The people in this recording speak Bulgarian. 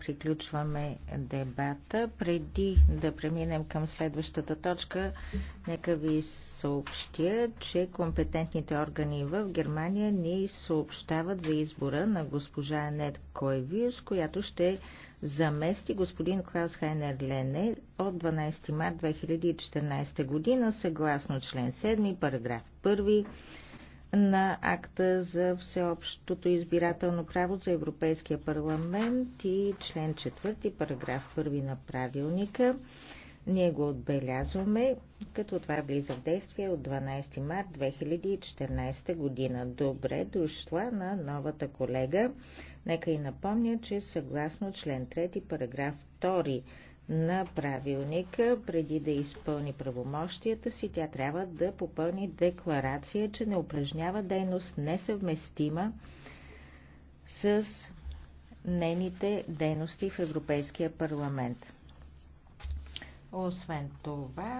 приключваме дебата. Преди да преминем към следващата точка, нека ви съобщя, че компетентните органи в Германия ни съобщават за избора на госпожа Анет Койвиус, която ще замести господин Клаус Хайнер Лене от 12 март 2014 година, съгласно член 7, параграф 1 на акта за всеобщото избирателно право за Европейския парламент и член 4, параграф 1 на правилника. Ние го отбелязваме, като това влиза в действие от 12 март 2014 година. Добре дошла на новата колега. Нека и напомня, че съгласно член 3, параграф 2 на правилника, преди да изпълни правомощията си, тя трябва да попълни декларация, че не упражнява дейност несъвместима с нейните дейности в Европейския парламент. Освен това,